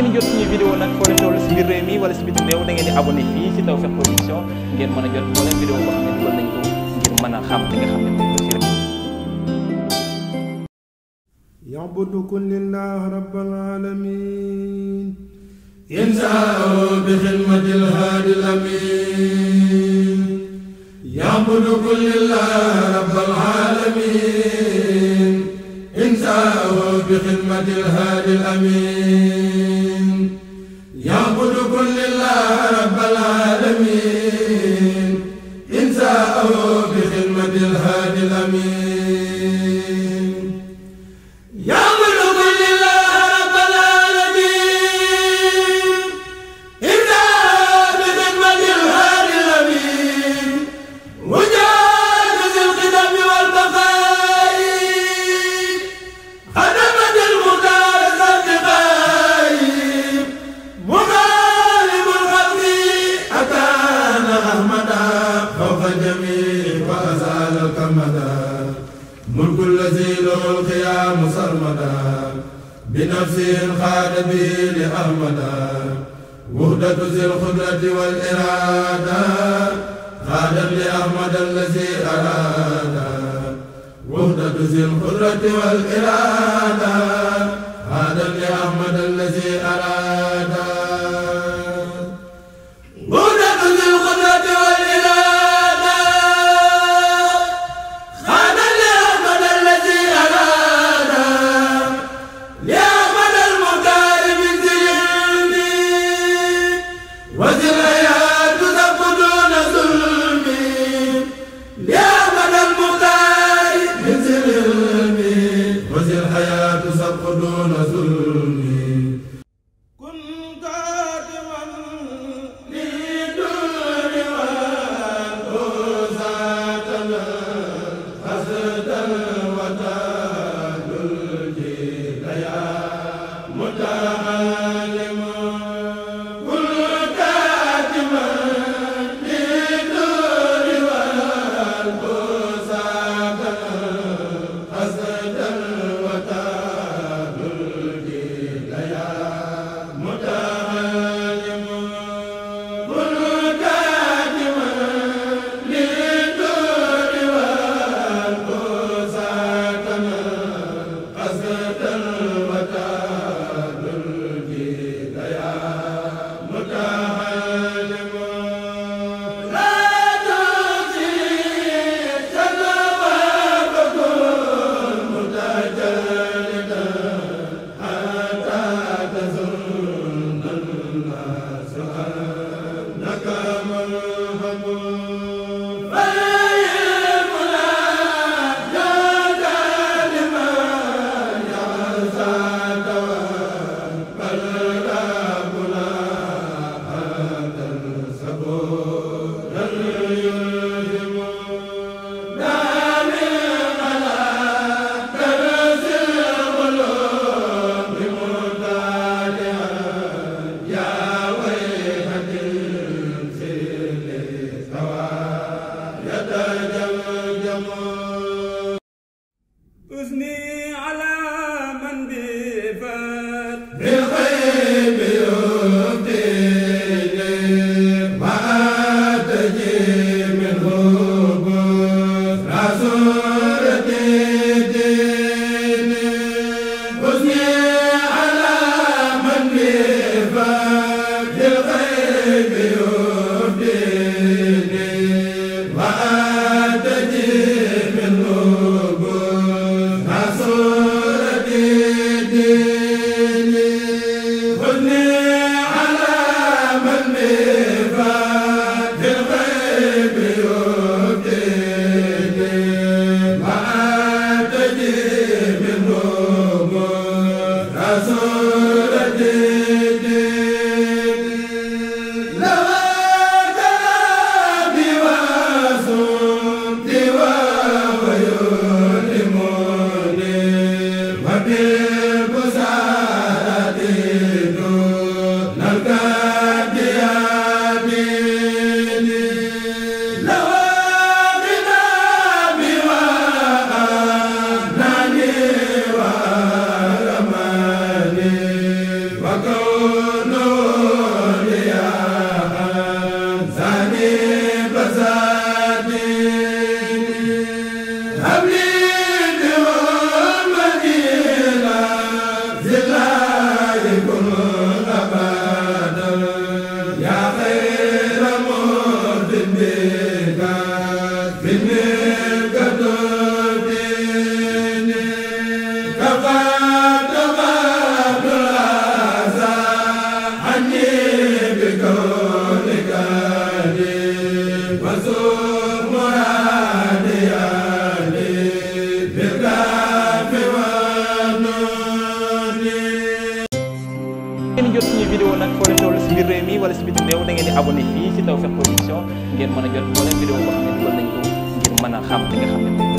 ngeen jot suñu vidéo nag foo leen toll si biir réew mi wala si biti réew da ngeen di abonné fii si Tawfekh Production ngeen mën a jot moo leen vidéo boo xam ne dugal nañ ko ngir mën a xam li nga xam ne moom la rek. yabudukum lillah rabbil alamin insaa'u bi xidmatil haadil amin yabudukum lillah rabbil alamin insaa'u bi xidmatil haadil amin الجميع وأزال الكمدا ملك الذي له القيام سرمدا بنفسه الخال به لأرمدا وحدة ذي القدرة والإرادة خادم لأحمد الذي أراد وحدة ذي القدرة والإرادة خادم لأحمد الذي أراد wa Hallelujah suñuy vidéo nag foo leen toll si biir réew mi wala si biti réew da ngeen di abonné fii si Tawfekh Production ngeen mën a jot moo leen vidéo boo xam ne dugal nañ ko ngir mën a xam li nga xam ne